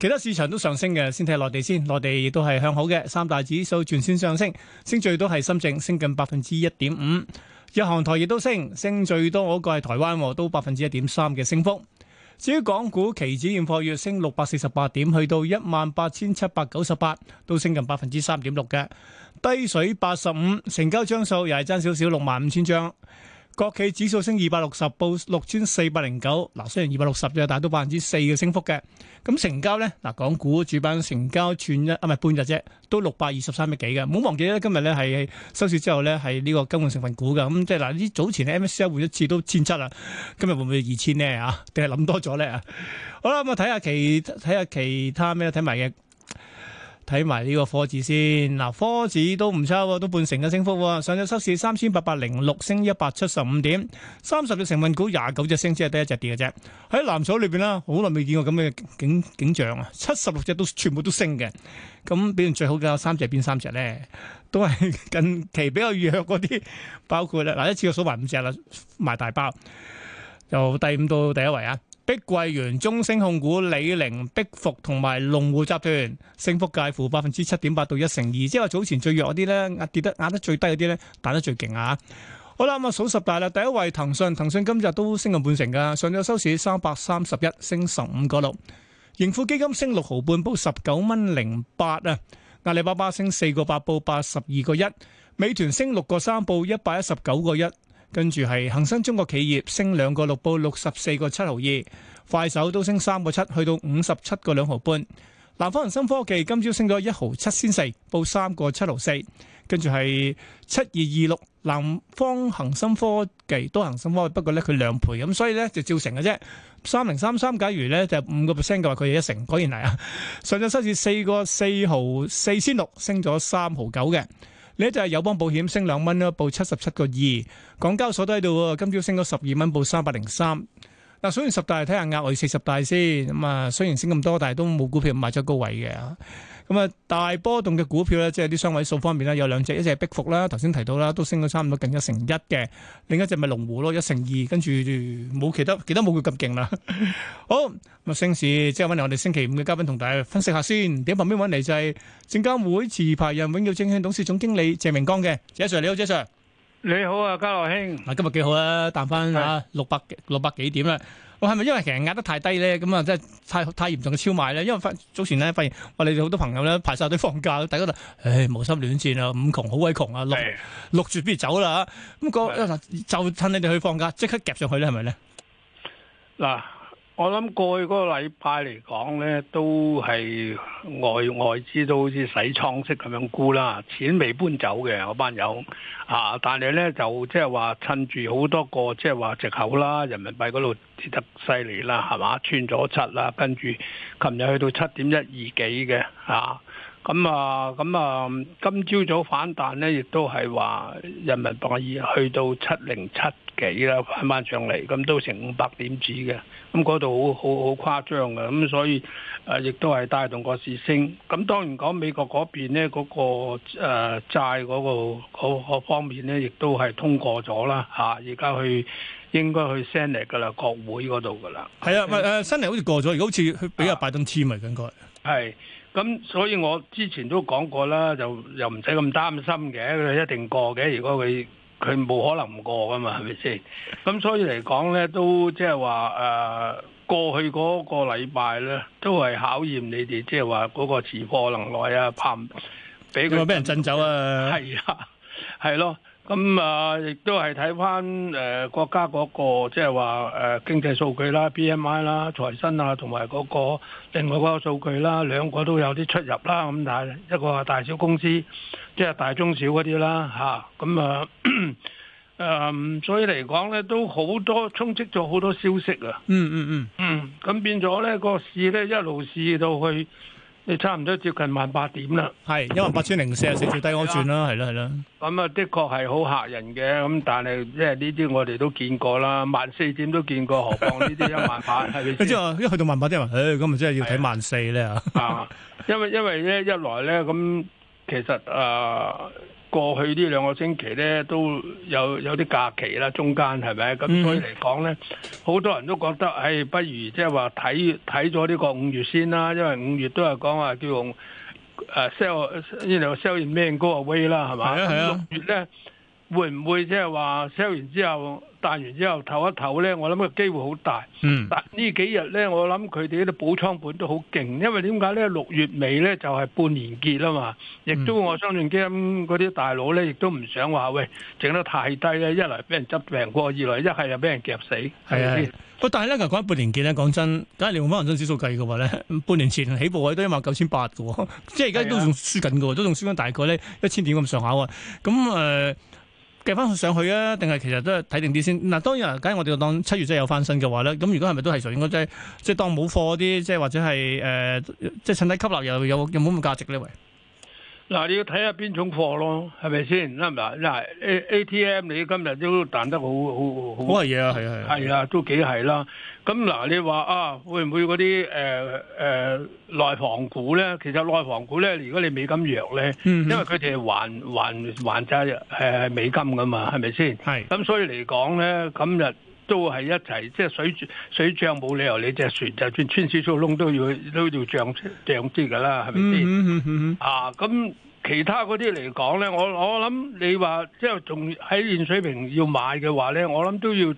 其他市場都上升嘅，先睇內地先。內地亦都係向好嘅，三大指數全線上升，升最多係深圳，升近百分之一點五。日韓台亦都升，升最多嗰個係台灣，都百分之一點三嘅升幅。至於港股期指現貨，月升六百四十八點，去到一萬八千七百九十八，都升近百分之三點六嘅。低水八十五，成交張數又係爭少少六萬五千張。國企指數升二百六十，報六千四百零九。嗱，雖然二百六十啫，但係都百分之四嘅升幅嘅。咁成交咧，嗱，港股主板成交串一啊，唔係半日啫，都六百二十三億幾嘅。唔好忘記咧，今日咧係收市之後咧係呢個金融成分股嘅。咁即係嗱，呢早前嘅 MSCA 換一次都千七啦，今日會唔會二千呢？啊？定係諗多咗咧啊？好啦，咁啊睇下其睇下其他咩睇埋嘅。睇埋呢個科指先，嗱，科指都唔差，都半成嘅升幅喎。上日收市三千八百零六，升一百七十五點，三十隻成分股廿九隻升，只係得一隻跌嘅啫。喺藍籌裏邊啦，好耐未見過咁嘅景景象啊！七十六隻都全部都升嘅，咁表現最好嘅三隻，邊三隻咧？都係近期比較弱嗰啲，包括啦嗱、啊，一次過數埋五隻啦，賣大包，由第五到第一位啊。碧桂園、中升控股、李寧、碧福同埋龍湖集團，升幅介乎百分之七點八到一成二，即係話早前最弱嗰啲咧，壓跌得壓得最低嗰啲咧，打得最勁啊！好啦，咁啊數十大啦，第一位騰訊，騰訊今日都升近半成噶，上晝收市三百三十一，升十五個六，盈富基金升六毫半，報十九蚊零八啊，阿里巴巴升四個八，報八十二個一，美團升六個三，報一百一十九個一。跟住係恒生中國企業升兩個六，報六十四個七毫二；快手都升三個七，去到五十七個兩毫半。南方恒生科技今朝升咗一毫七仙四，報三個七毫四。跟住係七二二六，南方恒生科技都恒生科技，不過咧佢兩倍咁，所以咧就照成嘅啫。三零三三，假如咧就五個 percent 嘅話，佢哋一成果然嚟啊。上晝收市四個四毫四仙六，升咗三毫九嘅。呢就係友邦保險升兩蚊啦，報七十七個二。港交所都喺度，今朝升咗十二蚊，報三百零三。嗱，所以十大睇下額外四十大先咁啊。雖然升咁多，但係都冇股票賣咗高位嘅。咁啊，大波動嘅股票咧，即係啲雙位數方面咧，有兩隻，一隻係碧服啦，頭先提到啦，都升咗差唔多近一成一嘅，另一隻咪龍湖咯，一成二，跟住冇其他，其他冇佢咁勁啦。好，咁啊，升市即係揾嚟，我哋星期五嘅嘉賓同大家分析下先。點旁邊揾嚟就係證監會持牌人、永耀證券董事總經理謝明光嘅。謝 Sir，你好，謝 Sir。你好啊，嘉樂兄。嗱，今日幾好啊，彈翻啊六百六百幾點啦。我係咪因為其實壓得太低咧？咁啊，即係太太嚴重嘅超賣咧。因為翻早前咧發現，哇！你哋好多朋友咧排晒隊放假，大家就唉、哎、無心戀戰啊，五窮好鬼窮啊，六的六住不如走啦咁，啊那個嗱的就趁你哋去放假，即刻夾上去咧，係咪咧？嗱。我諗過去嗰個禮拜嚟講咧，都係外外資都好似洗倉式咁樣沽啦，錢未搬走嘅嗰班友啊，但係咧就即係話趁住好多個即係話藉口啦，人民幣嗰度跌得犀利啦，係嘛？穿咗七啦，跟住琴日去到七點一二幾嘅啊，咁啊咁啊，今朝早反彈咧，亦都係話人民幣已去到七零七。幾啦，翻翻上嚟，咁都成五百點子嘅，咁嗰度好好好誇張嘅，咁所以誒亦都係帶動個市升。咁當然講美國嗰邊咧，嗰個誒債嗰個嗰個方面咧，亦都係通過咗啦嚇。而家去應該去 Senate 嘅啦，國會嗰度嘅啦。係啊，誒 Senate 好似過咗，而家好似去俾阿拜登簽埋應該。係，咁所以我之前都講過啦，就又唔使咁擔心嘅，佢一定過嘅。如果佢佢冇可能唔過噶嘛，係咪先？咁所以嚟講咧，都即係話誒，過去嗰個禮拜咧，都係考驗你哋，即係話嗰個持貨能耐啊，怕俾佢俾人震走啊？係啊， 係咯。咁啊，亦、嗯嗯嗯、都係睇翻誒國家嗰、那個即係話誒經濟數據啦、P M I 啦、財新啊，同埋嗰個另外嗰個數據啦，兩個都有啲出入啦。咁但係一個係大小公司，即、就、係、是、大中小嗰啲啦，吓、啊，咁啊誒，所以嚟講咧，都好多充斥咗好多消息啊、嗯！嗯嗯嗯嗯，咁變咗咧個市咧一路試到去。你差唔多接近萬八點啦，係因為八千零四十四最低我轉啦，係啦係啦。咁啊，的，的確係好嚇人嘅，咁但係即係呢啲我哋都見過啦，萬四點都見過何，何況呢啲一萬八？的你知唔知啊？一去到萬八之後，誒咁咪真係要睇萬四咧啊！因為因為咧一來咧咁其實啊。呃過去呢兩個星期咧，都有有啲假期啦，中間係咪？咁所以嚟講咧，好多人都覺得，唉，不如即係話睇睇咗呢個五月先啦，因為五月都係講話叫用誒、啊、sell，呢度，you know, sell in May go away 啦，係嘛？係啊、係啊，六月咧。會唔會即係話 sell 完之後，彈完之後，唞一唞咧？我諗嘅機會好大。嗯，但呢幾日咧，我諗佢哋喺度補倉盤都好勁，因為點解咧？六月尾咧就係半年結啦嘛，亦都我相信基金嗰啲大佬咧，亦都唔想話喂，整得太低咧，一來俾人執平過，二來一係又俾人夾死。係啊，不吧，但係咧，講翻半年結咧，講真，但係你用翻恒生指數計嘅話咧，半年前起步位都一萬九千八嘅喎，即係而家都仲輸緊嘅喎，啊、都仲輸緊大概咧一千點咁上下啊，咁誒。呃計翻去上去啊？定係其實都係睇定啲先。嗱，當然啦，假如我哋當七月真係有翻新嘅話咧。咁如果係咪都係屬於應該即係即係當冇貨啲，即係或者係誒、呃、即係趁低吸納又有有冇咁嘅價值咧？喂？嗱，你要睇下邊種貨咯，係咪先？啦，嗱，嗱，A A T M 你今日都彈得好好好好，好嘢啊，係啊係，係啊，都幾係啦。咁、呃、嗱，你話啊，會唔會嗰啲誒誒內房股咧？其實內房股咧，如果你美金弱咧，嗯、哼因為佢哋係還還還債誒美金噶嘛，係咪先？係的。咁所以嚟講咧，今日。都係一齊，即係水水漲，冇理由你，你隻船就算穿小草窿都要都要漲漲啲㗎啦，係咪先？是是 mm hmm. 啊，咁其他嗰啲嚟講咧，我我諗你話即係仲喺現水平要買嘅話咧，我諗都要。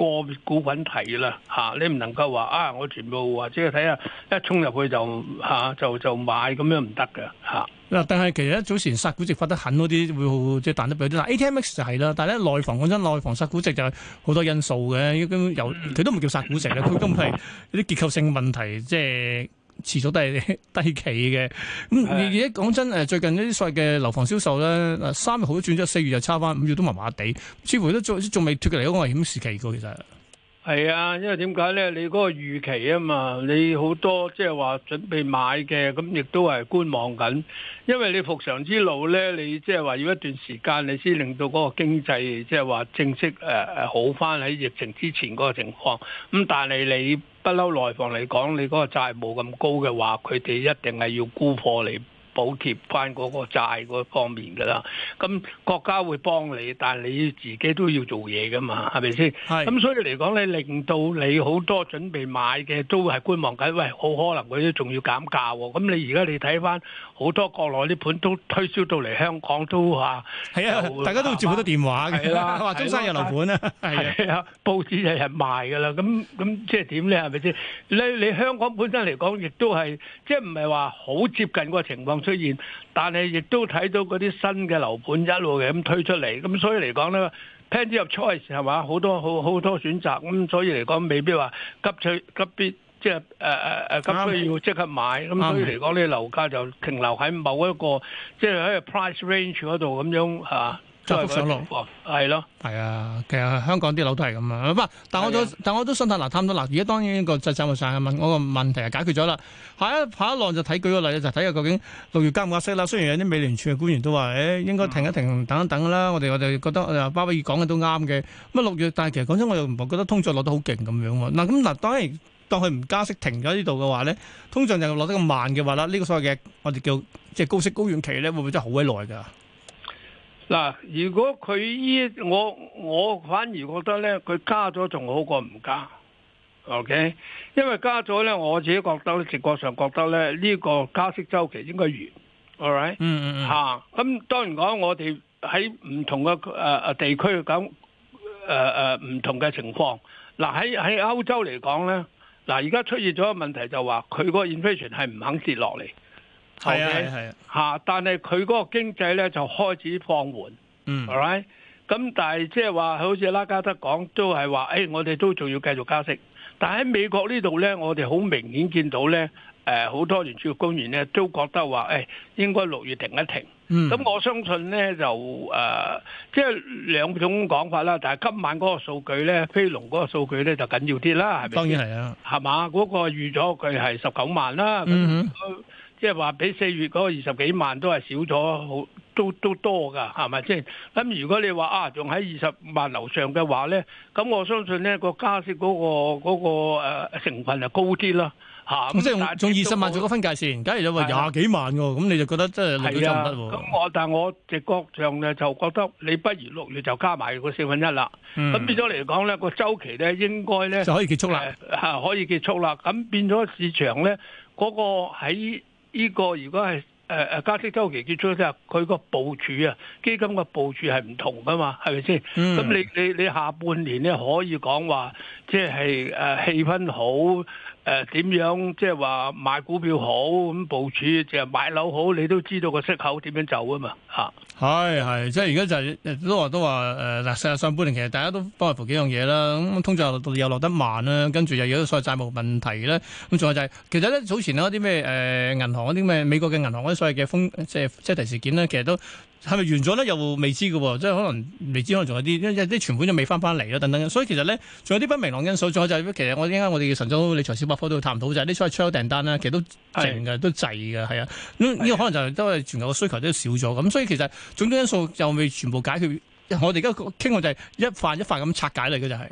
個別股份提啦嚇，你唔能夠話啊，我全部或者睇下一衝入去就嚇就就買咁樣唔得嘅嚇。嗱，但係其實一早前殺估值殺得狠嗰啲會即係彈得比較多。但係 A T M X 就係啦，但係咧內房嗰陣內房殺估值就好多因素嘅，咁由佢都唔叫殺估值啦，佢都唔係一啲結構性問題即係。持續都係低企嘅，咁而家講真，誒最近呢啲細嘅樓房銷售咧，嗱三月好都轉咗，四月就差翻，五月都麻麻地，似乎都仲未脫離嗰個危險時期㗎，其實係啊，因為點解咧？你嗰個預期啊嘛，你好多即係話準備買嘅，咁亦都係觀望緊，因為你復常之路咧，你即係話要一段時間，你先令到嗰個經濟即係話正式誒誒好翻喺疫情之前嗰個情況，咁但係你。不嬲內房嚟講，你嗰個債務咁高嘅話，佢哋一定係要沽破你。補貼翻嗰個債嗰方面㗎啦，咁國家會幫你，但係你自己都要做嘢噶嘛，係咪先？係咁所以嚟講咧，你令到你好多準備買嘅都係觀望緊。喂，好可能佢都仲要減價喎。咁你而家你睇翻好多國內啲盤都推銷到嚟香港都話係啊，大家都接到好多電話嘅，話中山有樓盤啊，係啊，報紙日日賣㗎啦。咁咁即係點咧？係咪先？你你香港本身嚟講，亦都係即係唔係話好接近個情況出現，但係亦都睇到嗰啲新嘅樓盤一路嘅咁推出嚟，咁所以嚟講咧，plan 啲入初嘅時候嘛，好多好好多，多選擇，咁所以嚟講未必話急脆急必即係誒誒誒急需要即刻買，咁所以嚟講呢樓價就停留喺某一個即係喺個 price range 嗰度咁樣吓。啊都係上落，係、 啊、咯，係啊。其實香港啲樓都係咁啊。唔但我都但係我都想睇嗱、啊，差唔多嗱。而家當然個債務上限嘅問嗰個問題係解決咗啦。下一下一浪就睇舉個例就睇下究竟六月加唔加息啦。雖然有啲美聯儲嘅官員都話誒、欸、應該停一停、嗯、等一等啦。我哋我哋覺得巴比爾講嘅都啱嘅。乜六月？但係其實講真，我又唔覺得通脹落得好勁咁樣喎。嗱咁嗱，當然當佢唔加息停咗呢度嘅話咧，通脹就落得咁慢嘅話啦，呢、這個所謂嘅我哋叫即係高息高遠期咧，會唔會真係好鬼耐㗎？嗱，如果佢依我，我反而覺得咧，佢加咗仲好過唔加，OK？因為加咗咧，我自己覺得咧，直覺上覺得咧，呢個加息周期應該完，all right？嗯嗯嗯。咁、hmm. 啊、當然講，我哋喺唔同嘅誒誒地區咁誒誒唔同嘅情況。嗱喺喺歐洲嚟講咧，嗱而家出現咗個問題就話，佢個 inflation 係唔肯跌落嚟。係啊，係啊，吓、啊！但係佢嗰個經濟咧就開始放緩，嗯，係咁但係即係話，好似拉加德講，都係話，誒、欸，我哋都仲要繼續加息。但喺美國呢度咧，我哋好明顯見到咧，誒、呃，好多聯儲局官員咧都覺得話，誒、欸，應該六月停一停。咁、嗯、我相信咧就誒，即係兩種講法啦。但、就、係、是、今晚嗰個數據咧，非農嗰個數據咧就緊要啲啦，係咪？當然係啊，係嘛？嗰、那個預咗佢係十九萬啦。嗯。嗯即係話比四月嗰二十幾萬都係少咗，好都都多㗎，係咪先？咁、就是、如果你話啊，仲喺二十萬樓上嘅話咧，咁我相信咧個加息嗰、嗰個嗰、嗰個、成分就高啲啦，咁即係仲二十萬做個分界線，假如有話廿幾萬喎、啊、咁、啊、你就覺得真係唔得入。咁我但係我直覺上咧就覺得你不如六月就加埋個四分一啦。咁、嗯、變咗嚟講咧，個周期咧應該咧就可以結束啦，嚇、啊、可以結束啦。咁變咗市場咧嗰、嗰個喺。呢個如果係誒誒加息周期結束之後，佢個部署啊，基金個部署係唔同噶嘛，係咪先？咁你你你下半年咧可以講話，即係誒氣氛好，誒、呃、點樣即係話買股票好咁部署，淨係買樓好，你都知道個息口點樣走啊嘛，嚇、啊。係係，即係而家就係、是、都話都話誒嗱，成、呃、日上半年其實大家都幫佢負幾樣嘢啦，咁通脹又落又落得慢啦，跟住又有啲所謂債務問題啦。咁、嗯、仲有就係、是、其實咧早前嗰啲咩誒銀行嗰啲咩美國嘅銀行嗰啲所謂嘅風即係擠提事件咧，其實都。係咪完咗咧？又未知嘅、哦，即係可能未知，可能仲有啲，因為啲存款就未翻翻嚟咯，等等。所以其實咧，仲有啲不明朗因素。仲有就係、是，其實我啱啱我哋嘅神州理財小百科都去探討就係呢出出口訂單啦，其實都靜嘅，的都滯嘅，係啊。呢、嗯、的個可能就係都係全球嘅需求都少咗。咁所以其實總體因素又未全部解決。我哋而家傾嘅就係一塊一塊咁拆解嚟嘅就係、是。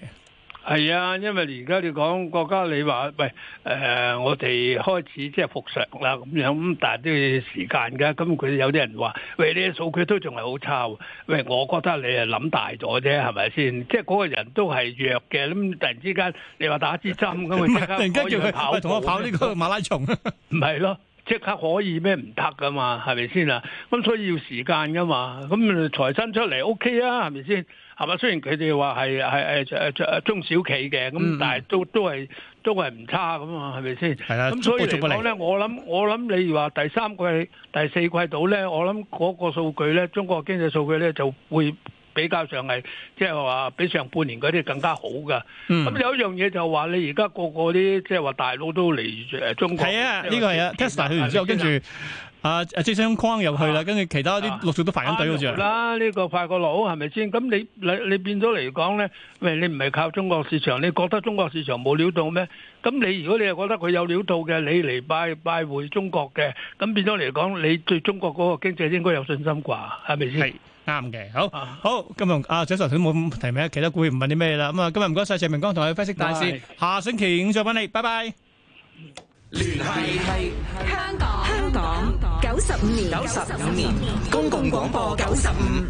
係啊，因為而家你講國家，你話喂誒、呃，我哋開始即係復常啦咁樣，咁但係都要時間噶。咁佢有啲人話喂，你嘅數據都仲係好差喎。喂，我覺得你係諗大咗啫，係咪先？即係嗰個人都係弱嘅，咁突然之間你話打支針咁，突然間要去跑。我跑呢個馬拉松，唔 係咯？即刻可以咩？唔得噶嘛，係咪先啊？咁所以要時間噶嘛。咁財神出嚟 O K 啊，係咪先？係嘛？雖然佢哋話係係係誒誒中小企嘅，咁但係都都係都係唔差咁嘛，係咪先？係啦。咁所以嚟講咧，我諗我諗你話第三季第四季度咧，我諗嗰個數據咧，中國經濟數據咧就會比較上係即係話比上半年嗰啲更加好噶。咁有一樣嘢就話你而家個個啲即係話大佬都嚟誒中國係啊！呢個係啊 Tesla 去完之後跟住。啊！即係將框入去啦，跟住其他啲陸續都排緊隊好似啦。啦，呢個快過佬係咪先？咁你你你變咗嚟講咧，喂，你唔係靠中國市場，你覺得中國市場冇料到咩？咁你如果你係覺得佢有料到嘅，你嚟拜拜會中國嘅，咁變咗嚟講，你對中國嗰個經濟應該有信心啩？係咪先？係啱嘅。好，好，今日阿張叔佢冇提咩？其他股員唔問啲咩啦。咁啊，今日唔該晒謝明光同阿你分析大市，下星期五再揾你，拜拜。聯繫係香港，香港九十五年，九十五年公共廣播九十五。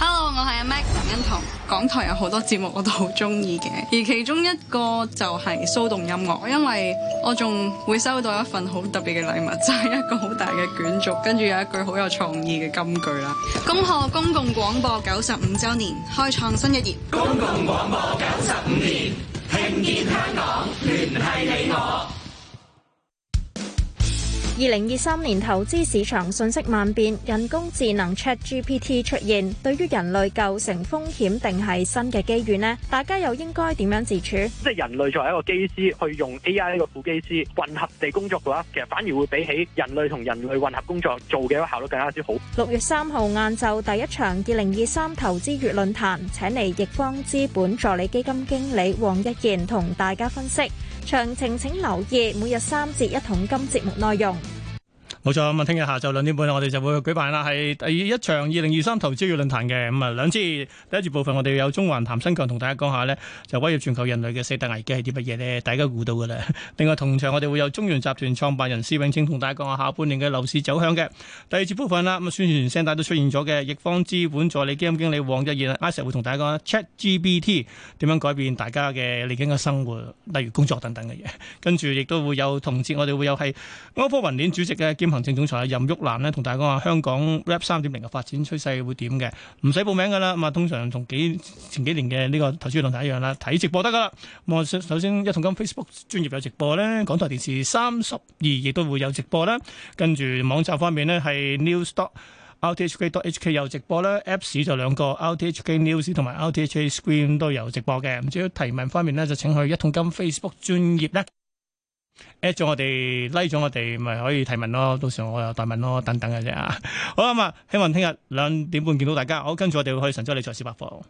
Hello，我係阿 Mag 林欣彤,彤。港台有好多節目我都好中意嘅，而其中一個就係騷動音樂，因為我仲會收到一份好特別嘅禮物，就係、是、一個好大嘅卷軸，跟住有一句好有創意嘅金句啦。恭賀公,公共廣播九十五周年，開創新一頁。公共廣播九十五年，聽見香港，聯繫你我。二零二三年投資市場信息萬變，人工智能 ChatGPT 出現，對於人類構成風險定係新嘅機遇咧？大家又應該點樣自處？即係人類作為一個機師，去用 AI 一個副機師混合地工作嘅話，其實反而會比起人類同人類混合工作做嘅效率更加之好。六月三號晏晝，第一場二零二三投資月論壇，請嚟易方資本助理基金經理黃一健同大家分析。詳情請留意每日三節一桶金節目內容。冇錯咁啊！聽日下晝兩點半，我哋就會舉辦啦，係第一場二零二三投資者論壇嘅咁啊！兩節第一節部分，我哋有中環譚新強同大家講下呢就威脅全球人類嘅四大危機係啲乜嘢呢？大家估到噶啦。另外同場我哋會有中原集團創辦人施永青同大家講下下半年嘅樓市走向嘅。第二節部分啦，咁宣傳聲帶都出現咗嘅，易方資本助理基金經理王一燕，阿石會同大家講 ChatGPT 點樣改變大家嘅嚟緊嘅生活，例如工作等等嘅嘢。跟住亦都會有同節我哋會有係歐科雲鏈主席嘅兼行政總裁任旭南咧，同大家話香港 r a p 三點零嘅發展趨勢會點嘅，唔使報名噶啦。咁啊，通常同幾前幾年嘅呢個投資論壇一樣啦，睇直播得噶啦。咁我首先一桶金 Facebook 專頁有直播咧，港台電視三十二亦都會有直播啦。跟住網站方面呢，係 news. dot rthk. dot h. k 有直播啦。a p p s 就兩個 RTHK News 同埋 RTHK Screen 都有直播嘅。咁至於提問方面呢，就請去一桶金 Facebook 專頁咧。at 咗我哋 like 咗我哋，咪可以提問咯。到時我又代問咯，等等嘅啫啊。好啊嘛，希望聽日兩點半見到大家。好，跟住我哋會去神州理財市百貨。